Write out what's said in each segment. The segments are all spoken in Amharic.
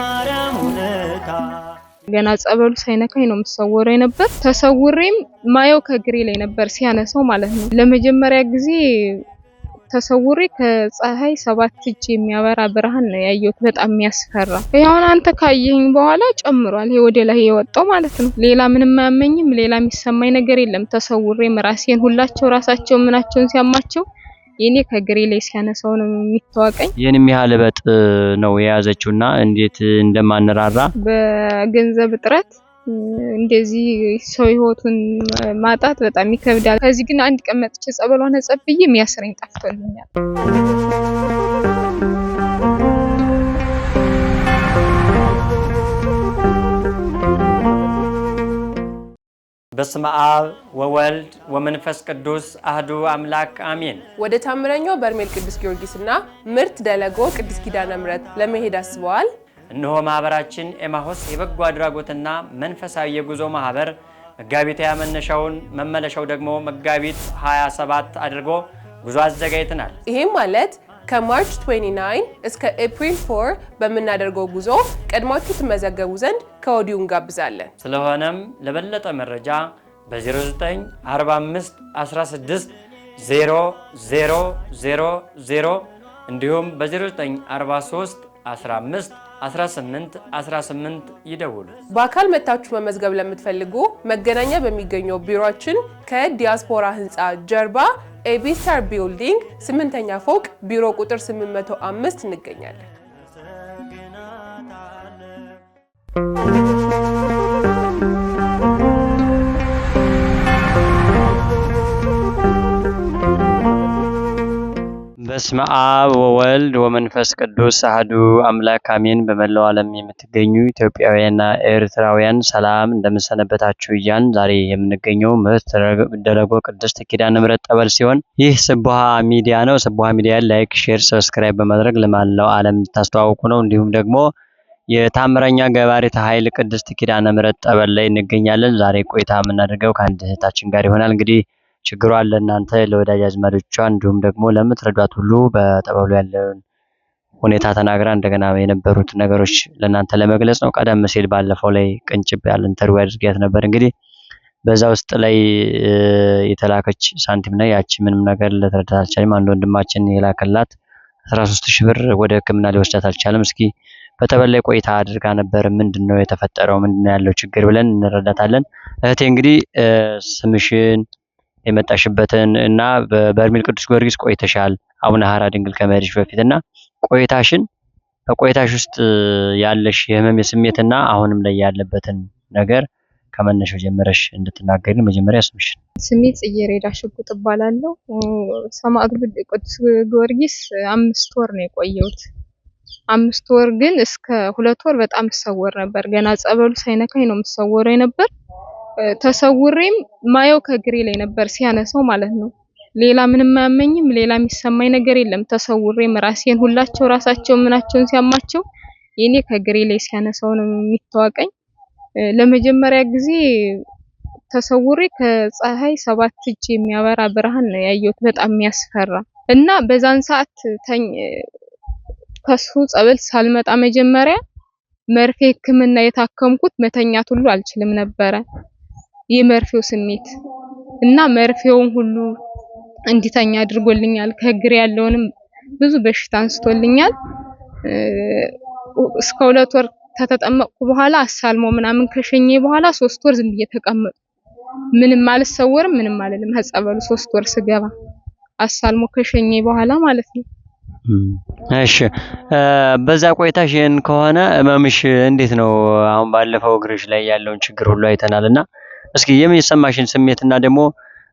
ማርያም ገና ጸበሉ ሳይነካኝ ነው የምሰወረው ነበር። ተሰውሬም ማየው ከግሬ ላይ ነበር ሲያነሳው ማለት ነው። ለመጀመሪያ ጊዜ ተሰውሬ ከፀሐይ ሰባት እጅ የሚያበራ ብርሃን ነው ያየሁት። በጣም የሚያስፈራ ያሁን አንተ ካየኝ በኋላ ጨምሯል። ይሄ ወደ ላይ የወጣው ማለት ነው። ሌላ ምንም አያመኝም። ሌላ የሚሰማኝ ነገር የለም። ተሰውሬም ራሴን ሁላቸው ራሳቸው ምናቸውን ሲያማቸው የኔ ከግሬ ላይ ሲያነሳው ነው የሚታወቀኝ። ይህንም ያህል በጥ ነው የያዘችው እና እንዴት እንደማንራራ በገንዘብ እጥረት እንደዚህ ሰው ህይወቱን ማጣት በጣም ይከብዳል። ከዚህ ግን አንድ ቀን መጥቼ ጸበሏን ነጸብዬ የሚያስረኝ ጠፍቶልኛል። በስመ አብ ወወልድ ወመንፈስ ቅዱስ አህዱ አምላክ አሜን። ወደ ታምረኛው በርሜል ቅዱስ ጊዮርጊስና ምርት ደለጎ ቅዱስ ኪዳነ ምሕረት ለመሄድ አስበዋል? እነሆ ማህበራችን ኤማሆስ የበጎ አድራጎትና መንፈሳዊ የጉዞ ማህበር መጋቢት ሃያ መነሻውን መመለሻው ደግሞ መጋቢት 27 አድርጎ ጉዞ አዘጋጅተናል። ይህም ማለት ከማርች 29 እስከ ኤፕሪል 4 በምናደርገው ጉዞ ቀድማችሁ ትመዘገቡ ዘንድ ከወዲሁ እንጋብዛለን። ስለሆነም ለበለጠ መረጃ በ0945 16 0000 እንዲሁም በ0943 15 18 18 ይደውሉ። በአካል መታችሁ መመዝገብ ለምትፈልጉ መገናኛ በሚገኘው ቢሮችን ከዲያስፖራ ህንፃ ጀርባ ኤቢሳር ቢልዲንግ ስምንተኛ ፎቅ ቢሮ ቁጥር 805 እንገኛለን። በስመ አብ ወወልድ ወመንፈስ ቅዱስ አህዱ አምላክ አሜን። በመላው ዓለም የምትገኙ ኢትዮጵያውያንና ኤርትራውያን ሰላም እንደምንሰነበታችሁ እያን ዛሬ የምንገኘው ምህረት ደረጎ ቅድስት ኪዳነ ምሕረት ጠበል ሲሆን ይህ ስቡሃ ሚዲያ ነው። ስቡሃ ሚዲያ ላይክ፣ ሼር፣ ሰብስክራይብ በማድረግ ለመላው ዓለም ታስተዋውቁ ነው። እንዲሁም ደግሞ የታምረኛ ገባሬተ ኃይል ቅድስት ኪዳነ ምሕረት ጠበል ላይ እንገኛለን። ዛሬ ቆይታ የምናደርገው ከአንድ እህታችን ጋር ይሆናል እንግዲህ ችግሯ ለእናንተ ለወዳጅ አዝማዶቿ እንዲሁም ደግሞ ለምትረዷት ሁሉ በጠበሉ ያለውን ሁኔታ ተናግራ እንደገና የነበሩት ነገሮች ለእናንተ ለመግለጽ ነው። ቀደም ሲል ባለፈው ላይ ቅንጭብ ያለ ኢንተርቪው አድርጊያት ነበር። እንግዲህ በዛ ውስጥ ላይ የተላከች ሳንቲም ነው ያቺ ምንም ነገር ልትረዳት አልቻልም። አንድ ወንድማችን የላከላት 13 ሺህ ብር ወደ ሕክምና ሊወስዳት አልቻለም። እስኪ በተበላይ ቆይታ አድርጋ ነበር። ምንድን ነው የተፈጠረው? ምንድን ነው ያለው ችግር ብለን እንረዳታለን። እህቴ እንግዲህ ስምሽን የመጣሽበትን እና በበርሜል ቅዱስ ጊዮርጊስ ቆይተሻል አቡነ ሀራ ድንግል ከመሄድሽ በፊት እና ቆይታሽን በቆይታሽ ውስጥ ያለሽ የህመም ስሜትና አሁንም ላይ ያለበትን ነገር ከመነሻው ጀምረሽ እንድትናገሪ መጀመሪያ ስምሽ ስሜ ጽጌረዳ ሽጉጥ እባላለሁ። ሰማዕት ቅዱስ ጊዮርጊስ አምስት ወር ነው የቆየሁት። አምስት ወር ግን እስከ ሁለት ወር በጣም እሰወር ነበር። ገና ጸበሉ ሳይነካኝ ነው የምሰወረው የነበር ተሰውሬም ማየው ከግሬ ላይ ነበር ሲያነሳው ማለት ነው። ሌላ ምንም አያመኝም። ሌላ የሚሰማኝ ነገር የለም። ተሰውሬም ራሴን ሁላቸው ራሳቸው ምናቸውን ሲያማቸው የኔ ከግሬ ላይ ሲያነሳው ነው የሚታወቀኝ። ለመጀመሪያ ጊዜ ተሰውሬ ከፀሐይ ሰባት እጅ የሚያበራ ብርሃን ነው ያየሁት። በጣም የሚያስፈራ እና በዛን ሰዓት ከሱ ጸበል ሳልመጣ መጀመሪያ መርፌ ሕክምና የታከምኩት መተኛት ሁሉ አልችልም ነበረ። የመርፌው ስሜት እና መርፌውን ሁሉ እንዲተኛ አድርጎልኛል። ከእግር ያለውንም ብዙ በሽታ አንስቶልኛል። እስከ ሁለት ወር ከተጠመቅኩ በኋላ አሳልሞ ምናምን ከሸኘ በኋላ ሶስት ወር ዝም ብዬ ምንም አልሰወርም፣ ምንም አልልም። ከጸበሉ ሶስት ወር ስገባ አሳልሞ ከሸኘ በኋላ ማለት ነው። እሺ በዛ ቆይታሽ ይሄን ከሆነ እመምሽ እንዴት ነው? አሁን ባለፈው እግርሽ ላይ ያለውን ችግር ሁሉ አይተናል እና እስኪ የሚሰማሽን ስሜት እና ደግሞ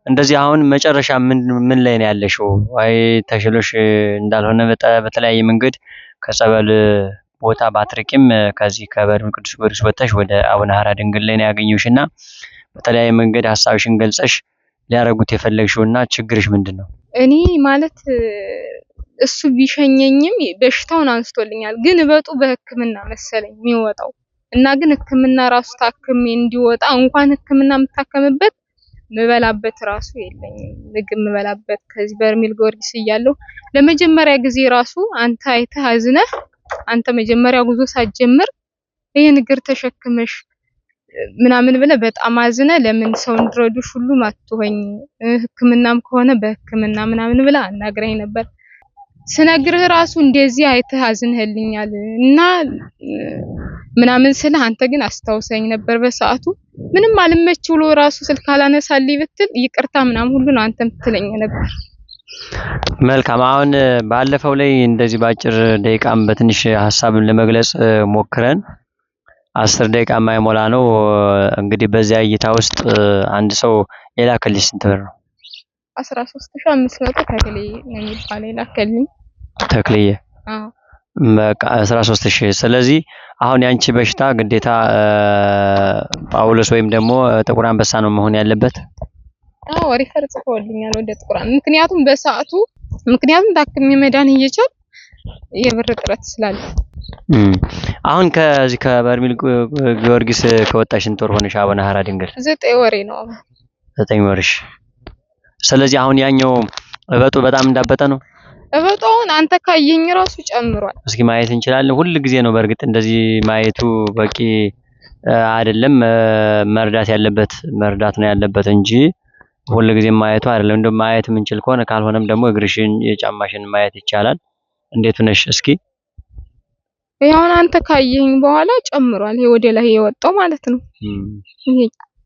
እንደዚህ አሁን መጨረሻ ምን ምን ላይ ነው ያለሽው? አይ ተሽሎሽ እንዳልሆነ በተለያየ መንገድ ከጸበል ቦታ ባትርቂም ከዚህ ከበር ቅዱስ ጊዮርጊስ ወጥተሽ ወደ አቡነ ሀራ ድንግል ላይ ነው ያገኘሽና በተለያየ መንገድ ሀሳብሽን ገልጸሽ ሊያረጉት የፈለግሽውና ችግርሽ ምንድን ነው? እኔ ማለት እሱ ቢሸኘኝም በሽታውን አንስቶልኛል፣ ግን እበጡ በህክምና መሰለኝ የሚወጣው እና ግን ህክምና ራሱ ታክሜ እንዲወጣ እንኳን ህክምና የምታከምበት ምበላበት ራሱ የለኝም። ምግብ ምበላበት ከዚህ በርሜል ጊዮርጊስ እያለሁ ለመጀመሪያ ጊዜ ራሱ አንተ አይተህ አዝነህ አንተ መጀመሪያ ጉዞ ሳትጀምር ይህን እግር ተሸክመሽ ምናምን ብለህ በጣም አዝነ ለምን ሰው እንድረዱሽ ሁሉ አትሆኝ ህክምናም ከሆነ በህክምና ምናምን ብለህ አናግረኝ ነበር። ስነግርህ ራሱ እንደዚህ አይተህ አዝንህልኛል እና ምናምን ስለ አንተ ግን አስታውሰኝ ነበር በሰዓቱ ምንም አልመች ብሎ ራሱ ስልክ አላነሳልኝ ብትል ይቅርታ ምናምን ሁሉ ነው አንተም ትለኝ ነበር። መልካም አሁን ባለፈው ላይ እንደዚህ በአጭር ደቂቃም በትንሽ ሀሳብን ለመግለጽ ሞክረን አስር ደቂቃ የማይሞላ ነው እንግዲህ በዚያ እይታ ውስጥ አንድ ሰው የላከልኝ ስንት ብር ነው? አስራ ሶስት ሺህ አምስት መቶ ተክሌ ነው የሚባለው የላከልኝ በቃ 13000 ስለዚህ አሁን ያንቺ በሽታ ግዴታ ጳውሎስ ወይም ደግሞ ጥቁር አንበሳ ነው መሆን ያለበት። አዎ ሪፈር ጽፎልኛል ወደ ጥቁር ምክንያቱም በሰዓቱ ምክንያቱም ታክሜ መዳን እየቻል የብር ጥረት ስላለ አሁን ከዚህ ከበርሜል ጊዮርጊስ ከወጣሽን ጦር ሆነሽ አቡነ ሀራ ድንግል ዘጠኝ ወሬ ነው ዘጠኝ ወርሽ። ስለዚህ አሁን ያኛው እበጡ በጣም እንዳበጠ ነው። እበጣውን አንተ ካየኝ ራሱ ጨምሯል። እስኪ ማየት እንችላለን። ሁል ጊዜ ነው። በእርግጥ እንደዚህ ማየቱ በቂ አይደለም። መርዳት ያለበት መርዳት ነው ያለበት እንጂ ሁል ጊዜ ማየቱ አይደለም። እንደው ማየት የምንችል ከሆነ ካልሆነም ደግሞ እግርሽን የጫማሽን ማየት ይቻላል። እንዴት ነሽ? እስኪ ይሄውን አንተ ካየኝ በኋላ ጨምሯል። ይሄ ወደ ላይ የወጣው ማለት ነው።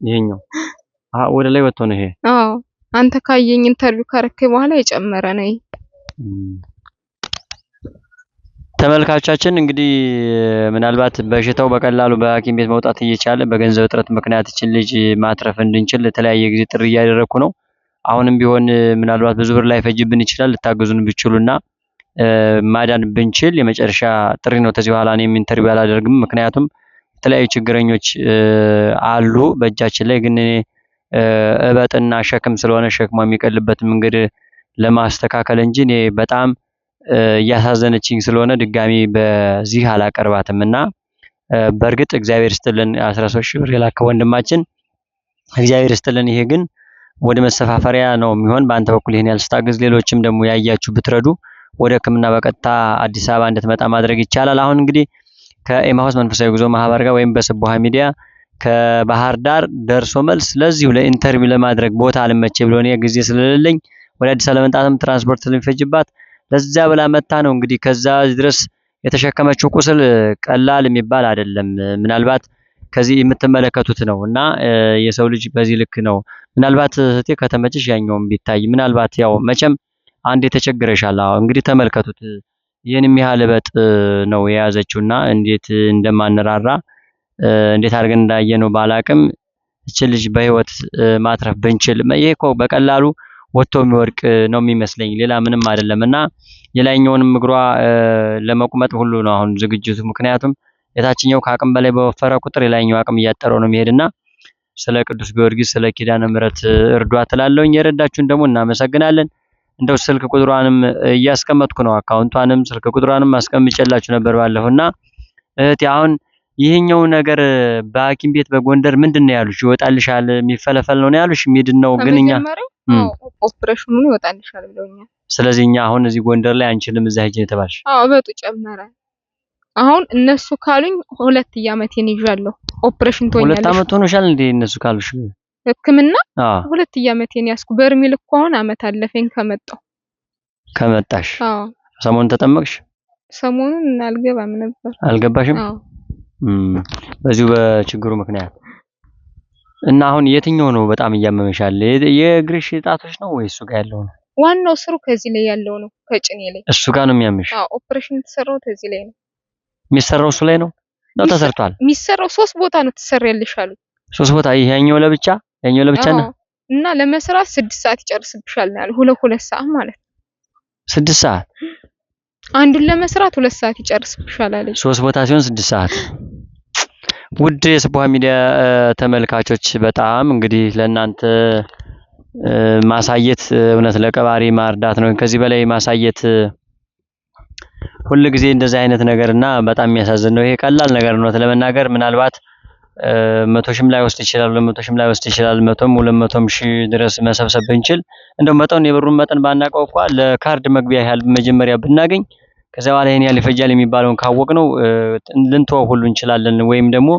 ይሄኛው ወደ ላይ ወጥቶ ነው ይሄ። አዎ አንተ ካየኝ ኢንተርቪው ካረከኝ በኋላ የጨመረ ነው ይሄ ተመልካቾቻችን እንግዲህ ምናልባት በሽታው በቀላሉ በሐኪም ቤት መውጣት እየቻለ በገንዘብ እጥረት ምክንያት ይችን ልጅ ማትረፍ እንድንችል ለተለያየ ጊዜ ጥሪ እያደረግኩ ነው። አሁንም ቢሆን ምናልባት ብዙ ብር ላይፈጅብን ይችላል። ልታገዙን ብችሉና ማዳን ብንችል የመጨረሻ ጥሪ ነው። ከዚህ በኋላ እኔም ኢንተርቪው አላደርግም። ምክንያቱም የተለያዩ ችግረኞች አሉ በእጃችን ላይ ግን እኔ እበጥና ሸክም ስለሆነ ሸክሟ የሚቀልበት መንገድ ለማስተካከል እንጂ እኔ በጣም እያሳዘነችኝ ስለሆነ ድጋሚ በዚህ አላቀርባትም እና በእርግጥ እግዚአብሔር ስትልን 13 ሺህ ብር የላከ ወንድማችን እግዚአብሔር ስትልን። ይሄ ግን ወደ መሰፋፈሪያ ነው የሚሆን። በአንተ በኩል ይሄን ያልስታግዝ ሌሎችም ደግሞ ያያችሁ ብትረዱ ወደ ሕክምና በቀጥታ አዲስ አበባ እንድትመጣ ማድረግ ይቻላል። አሁን እንግዲህ ከኤማሁስ መንፈሳዊ ጉዞ ማህበር ጋር ወይም በስቡሀ ሚዲያ ከባህር ዳር ደርሶ መልስ ለዚሁ ለኢንተርቪው ለማድረግ ቦታ አልመቼ ብሎ እኔ ጊዜ ስለሌለኝ ወደ አዲስ አበባ መምጣትም ትራንስፖርት ለሚፈጅባት ለዛ ብላ መታ ነው እንግዲህ ከዛ ድረስ የተሸከመችው ቁስል ቀላል የሚባል አይደለም። ምናልባት ከዚህ የምትመለከቱት ነው እና የሰው ልጅ በዚህ ልክ ነው። ምናልባት እህቴ ከተመችሽ ያኛውም ቢታይ ምናልባት ያው መቼም አንድ የተቸግረሻል። አዎ እንግዲህ ተመልከቱት። ይህን ያህል እበጥ ነው የያዘችው እና እንዴት እንደማንራራ እንዴት አድርገን እንዳየነው ባላቅም እችን ልጅ በህይወት ማትረፍ ብንችል ይሄ እኮ በቀላሉ ወጥቶ የሚወድቅ ነው የሚመስለኝ። ሌላ ምንም አይደለም እና የላይኛውንም እግሯ ለመቁመጥ ሁሉ ነው አሁን ዝግጅቱ። ምክንያቱም የታችኛው ከአቅም በላይ በወፈረ ቁጥር የላይኛው አቅም እያጠረው ነው የሚሄድና ስለ ቅዱስ ጊዮርጊስ ስለ ኪዳነ ምሕረት እርዷ ትላለውኝ። የረዳችሁን ደግሞ እናመሰግናለን። እንደው ስልክ ቁጥሯንም እያስቀመጥኩ ነው። አካውንቷንም ስልክ ቁጥሯንም አስቀምጬላችሁ ነበር ባለሁ እና እህቴ አሁን ይህኛው ነገር በሐኪም ቤት በጎንደር ምንድን ነው ያሉሽ? ይወጣልሻል፣ የሚፈለፈል ነው ያሉሽ? ሚድን ነው ግን እኛ ኦፕሬሽኑ ይወጣልሻል ብለውኛል። ስለዚህ እኛ አሁን እዚህ ጎንደር ላይ አንችልም እዛ ሂጅ የተባልሽ? አዎ እበጡ ጨመረ። አሁን እነሱ ካሉኝ ሁለት እያመቴን ይዣለሁ። ኦፕሬሽን ትሆኛለሽ። ሁለት አመት ሆኖሻል እንዴ? እነሱ ካሉሽ ህክምና ሁለት እያመቴን ያዝኩ። በርሚል እኮ አሁን አመት አለፈኝ ከመጣሁ ከመጣሽ። አዎ ሰሞኑን ተጠመቅሽ? ሰሞኑን አልገባም ነበር። አልገባሽም? አዎ በዚሁ በችግሩ ምክንያት እና አሁን የትኛው ነው በጣም እያመመሻል? የእግርሽ ጣቶች ነው ወይ እሱ ጋር ያለው ነው? ዋናው ስሩ ከዚህ ላይ ያለው ነው፣ ከጭኔ ላይ እሱ ጋር ነው የሚያምሽ። አዎ ኦፕሬሽን የተሰራው ከዚህ ላይ ነው የሚሰራው። እሱ ላይ ነው ነው ተሰርቷል። የሚሰራው ሶስት ቦታ ነው ትሰሪያለሽ አሉ። ሶስት ቦታ ይሄኛው ለብቻ ያኛው ለብቻ ነው። እና ለመስራት ስድስት ሰዓት ይጨርስብሻል ነው ያሉ። ሁለት ሁለት ሰዓት ማለት ነው። ስድስት ሰዓት አንዱን ለመስራት ሁለት ሰዓት ይጨርስብሻል አለኝ። ሶስት ቦታ ሲሆን ስድስት ሰዓት ውድ የስፖሃ ሚዲያ ተመልካቾች በጣም እንግዲህ ለእናንተ ማሳየት እውነት ለቀባሪ ማርዳት ነው። ከዚህ በላይ ማሳየት ሁል ጊዜ እንደዚህ አይነት ነገር እና በጣም የሚያሳዝን ነው። ይሄ ቀላል ነገር ነው ለመናገር ምናልባት መቶ ሺህም ላይ ወስድ ይችላል፣ መቶ ሺህም ላይ ወስድ ይችላል። መቶም ሁለት መቶም ሺህ ድረስ መሰብሰብ ብንችል እንደው መጠን የብሩን መጠን ባናቀው እንኳ ለካርድ መግቢያ ያህል መጀመሪያ ብናገኝ ከዛ በኋላ ይሄን ያህል ይፈጃል የሚባለውን ካወቅ ነው ልንተወው ሁሉ እንችላለን። ወይም ደግሞ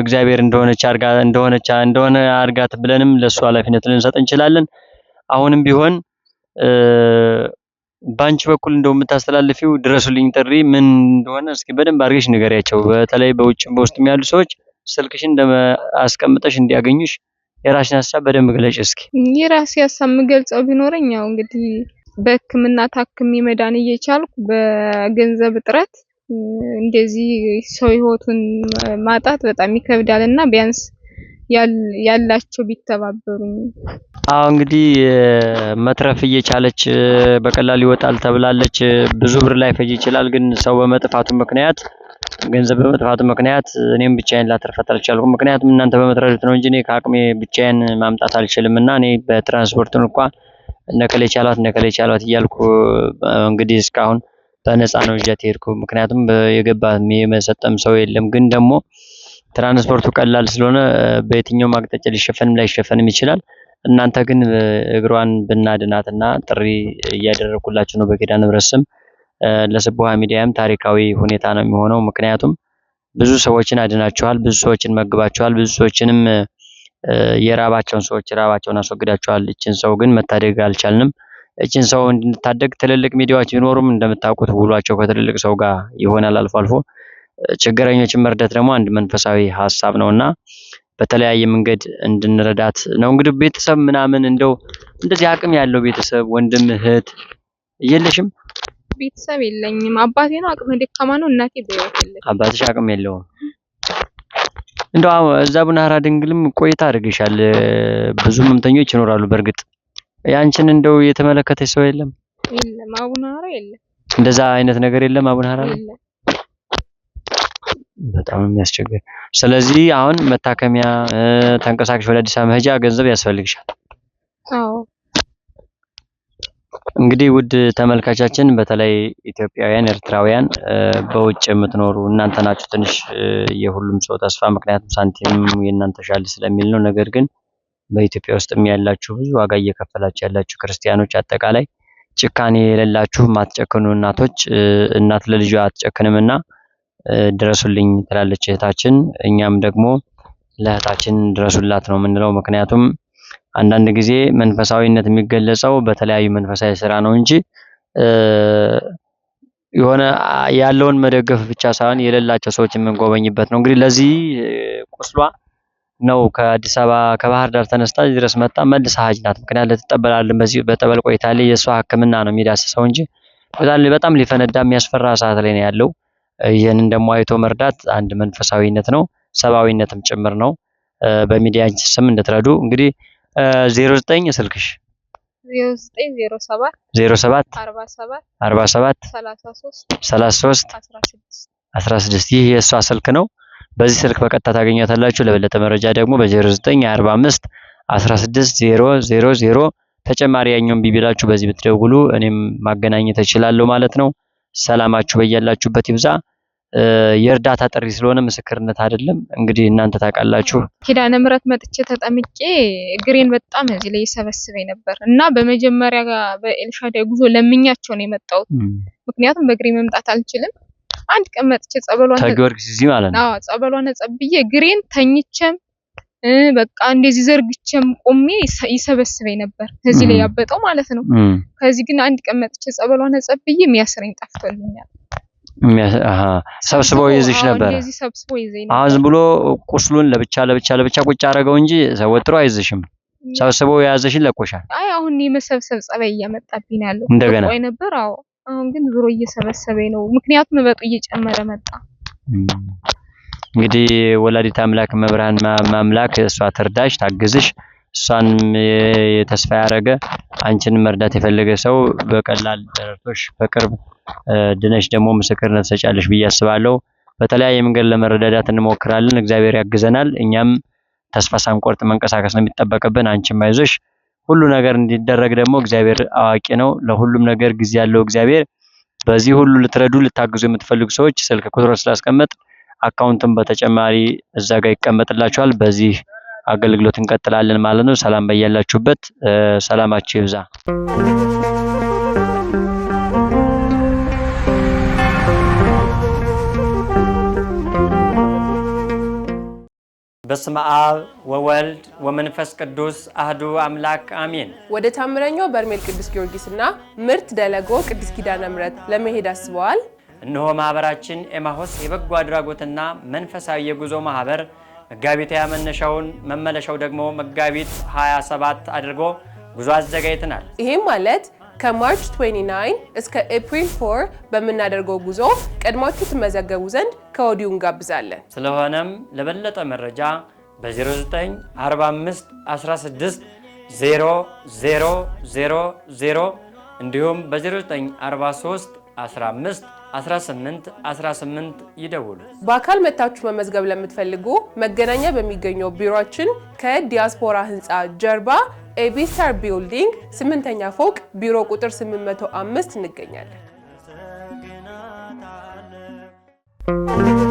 እግዚአብሔር እንደሆነች አርጋ እንደሆነች እንደሆነ አርጋት ብለንም ለሱ ኃላፊነት ልንሰጥ እንችላለን። አሁንም ቢሆን በአንቺ በኩል እንደው የምታስተላልፊው ድረሱልኝ ጥሪ ምን እንደሆነ እስኪ በደንብ አድርገሽ ንገሪያቸው። በተለይ በውጭም በውስጥም ያሉ ሰዎች ስልክሽን አስቀምጠሽ እንዲያገኙሽ የራስሽን ሀሳብ በደንብ ግለጭ እስኪ። የራሴ ሀሳብ የምገልጸው ቢኖረኝ ያው እንግዲህ በህክምና ታክሜ መዳን እየቻልኩ በገንዘብ እጥረት እንደዚህ ሰው ህይወቱን ማጣት በጣም ይከብዳል እና ቢያንስ ያላቸው ቢተባበሩኝ። አዎ እንግዲህ መትረፍ እየቻለች በቀላሉ ይወጣል ተብላለች። ብዙ ብር ላይ ፈጅ ይችላል፣ ግን ሰው በመጥፋቱ ምክንያት ገንዘብ በመጥፋቱ ምክንያት እኔም ብቻዬን ላትርፈት አልቻልኩም። ምክንያቱም እናንተ በመትረፍ ነው እንጂ እኔ ከአቅሜ ብቻዬን ማምጣት አልችልም እና እኔ በትራንስፖርቱን እንኳን እነከሌ ቻሏት እነከሌ ቻሏት እያልኩ እንግዲህ እስካሁን በነፃ ነው ይዣት ሄድኩ። ምክንያቱም የገባ የመሰጠም ሰው የለም። ግን ደግሞ ትራንስፖርቱ ቀላል ስለሆነ በየትኛውም አቅጣጫ ሊሸፈንም ላይሸፈንም ይችላል። እናንተ ግን እግሯን ብናድናት እና ጥሪ እያደረኩላችሁ ነው በኪዳነ ምሕረት ስም። ሚዲያም ታሪካዊ ሁኔታ ነው የሚሆነው። ምክንያቱም ብዙ ሰዎችን አድናችኋል፣ ብዙ ሰዎችን መግባችኋል፣ ብዙ ሰዎችንም የራባቸውን ሰዎች ራባቸውን አስወግዳቸዋል። እችን ሰው ግን መታደግ አልቻልንም። እችን ሰው እንድንታደግ ትልልቅ ሚዲያዎች ቢኖሩም እንደምታውቁት ውሏቸው ከትልልቅ ሰው ጋር ይሆናል። አልፎ አልፎ ችግረኞችን መርዳት ደግሞ አንድ መንፈሳዊ ሀሳብ እና በተለያየ መንገድ እንድንረዳት ነው። እንግዲህ ቤተሰብ ምናምን እንደው እንደዚህ አቅም ያለው ቤተሰብ ወንድም እህት የለሽም? ቤተሰብ የለኝም። አባቴ ነው አቅመ ደካማ ነው። እናቴ በህይወት የለችም። አባትሽ አቅም የለውም። እንደው እዛ ቡናራ ድንግልም ቆይታ አድርገሻል። ብዙ ህመምተኞች ይኖራሉ። በእርግጥ ያንቺን እንደው የተመለከተች ሰው የለም? የለም፣ አቡናራ የለም። እንደዛ አይነት ነገር የለም። አቡናራ በጣም የሚያስቸግር። ስለዚህ አሁን መታከሚያ ተንቀሳቀሽ ወደ አዲስ አበባ መሄጃ ገንዘብ ያስፈልግሻል። አዎ እንግዲህ ውድ ተመልካቻችን በተለይ ኢትዮጵያውያን፣ ኤርትራውያን በውጭ የምትኖሩ እናንተ ናችሁ ትንሽ የሁሉም ሰው ተስፋ። ምክንያቱም ሳንቲም የእናንተ ሻል ስለሚል ነው። ነገር ግን በኢትዮጵያ ውስጥም ያላችሁ ብዙ ዋጋ እየከፈላችሁ ያላችሁ ክርስቲያኖች፣ አጠቃላይ ጭካኔ የሌላችሁ ማትጨክኑ እናቶች፣ እናት ለልጇ አትጨክንም እና ድረሱልኝ ትላለች እህታችን። እኛም ደግሞ ለእህታችን ድረሱላት ነው የምንለው ምክንያቱም አንዳንድ ጊዜ መንፈሳዊነት የሚገለጸው በተለያዩ መንፈሳዊ ስራ ነው እንጂ የሆነ ያለውን መደገፍ ብቻ ሳይሆን የሌላቸው ሰዎች የምንጎበኝበት ነው። እንግዲህ ለዚህ ቁስሏ ነው ከአዲስ አበባ ከባህር ዳር ተነስታ ድረስ መጣ። መልስ ሀጅ ናት። ምክንያት ልትጠበላልን በዚህ በጠበል ቆይታ ላይ የእሷ ሕክምና ነው የሚዳስሰው እንጂ በጣም ሊፈነዳ የሚያስፈራ ሰዓት ላይ ነው ያለው። ይህንን ደግሞ አይቶ መርዳት አንድ መንፈሳዊነት ነው፣ ሰብአዊነትም ጭምር ነው። በሚዲያ ስም እንድትረዱ እንግዲህ 09 ስልክሽ 07 ይህ የእሷ ስልክ ነው። በዚህ ስልክ በቀጥታ ታገኛታላችሁ። ለበለጠ መረጃ ደግሞ በ0945 16 000 ተጨማሪ ያኛውን ቢቢላችሁ በዚህ ብትደውሉ እኔም ማገናኘት እችላለሁ ማለት ነው። ሰላማችሁ በያላችሁበት ይብዛ። የእርዳታ ጥሪ ስለሆነ ምስክርነት አይደለም። እንግዲህ እናንተ ታውቃላችሁ። ኪዳነ ምሕረት መጥቼ ተጠምቄ እግሬን በጣም እዚህ ላይ ይሰበስበኝ ነበር እና በመጀመሪያ በኤልሻዳይ ጉዞ ለምኛቸው ነው የመጣሁት። ምክንያቱም በእግሬ መምጣት አልችልም። አንድ ቀን መጥቼ ጸበሏን ከጊዮርጊስ እዚህ ማለት ነው። አዎ ጸበሏን ጸብዬ እግሬን ተኝቼም በቃ እንደዚህ ዘርግቼም ቆሜ ይሰበስበኝ ነበር፣ እዚህ ላይ ያበጠው ማለት ነው። ከዚህ ግን አንድ ቀን መጥቼ ጸበሏን ጸብዬ የሚያስረኝ ጠፍቶልኛል። ሰብስበው ይዝሽ ነበር። አዝ ብሎ ቁስሉን ለብቻ ለብቻ ለብቻ ቁጭ አደረገው እንጂ ወጥሮ አይዝሽም። ሰብስቦ የያዘሽን ለቆሻል። አይ አሁን የመሰብሰብ ጸባይ እያመጣብኝ ነው ያለው። እንደገና ቆይ ነበር። አዎ አሁን ግን ዞሮ እየሰበሰበኝ ነው፣ ምክንያቱም እበጡ እየጨመረ መጣ። እንግዲህ ወላዲት አምላክ መብርሃን ማምላክ እሷ ትርዳሽ ታግዝሽ። እሷን ተስፋ ያደረገ አንቺን መርዳት የፈለገ ሰው በቀላል ደረቶች በቅርብ ድነሽ ደግሞ ምስክርነት ትሰጫለሽ ብዬ አስባለሁ። በተለያየ መንገድ ለመረዳዳት እንሞክራለን። እግዚአብሔር ያግዘናል። እኛም ተስፋ ሳንቆርጥ መንቀሳቀስ ነው የሚጠበቅብን። አንቺም አይዞሽ። ሁሉ ነገር እንዲደረግ ደግሞ እግዚአብሔር አዋቂ ነው። ለሁሉም ነገር ጊዜ ያለው እግዚአብሔር። በዚህ ሁሉ ልትረዱ ልታግዙ የምትፈልጉ ሰዎች ስልክ ቁጥሮን ስላስቀመጥ አካውንትም በተጨማሪ እዛ ጋር ይቀመጥላችኋል። በዚህ አገልግሎት እንቀጥላለን ማለት ነው። ሰላም በያላችሁበት፣ ሰላማችሁ ይብዛ። በስመ አብ ወወልድ ወመንፈስ ቅዱስ አህዱ አምላክ አሜን። ወደ ታምረኛው በርሜል ቅዱስ ጊዮርጊስና ምርት ደለጎ ቅዱስ ኪዳነ ምሕረት ለመሄድ አስበዋል? እነሆ ማህበራችን ኤማሆስ የበጎ አድራጎትና መንፈሳዊ የጉዞ ማህበር መጋቢት ሃያ መነሻውን መመለሻው ደግሞ መጋቢት 27 አድርጎ ጉዞ አዘጋጅተናል። ይሄ ማለት ከማርች 29 እስከ ኤፕሪል 4 በምናደርገው ጉዞ ቀድማችሁ ትመዘገቡ ዘንድ ከወዲሁ እንጋብዛለን። ስለሆነም ለበለጠ መረጃ በ0945 16 0000 እንዲሁም በ0943 15 18 18 ይደውሉ። በአካል መታችሁ መመዝገብ ለምትፈልጉ መገናኛ በሚገኘው ቢሮችን ከዲያስፖራ ህንፃ ጀርባ ኤቢስታር ቢልዲንግ ስምንተኛ ፎቅ ቢሮ ቁጥር 805 እንገኛለን።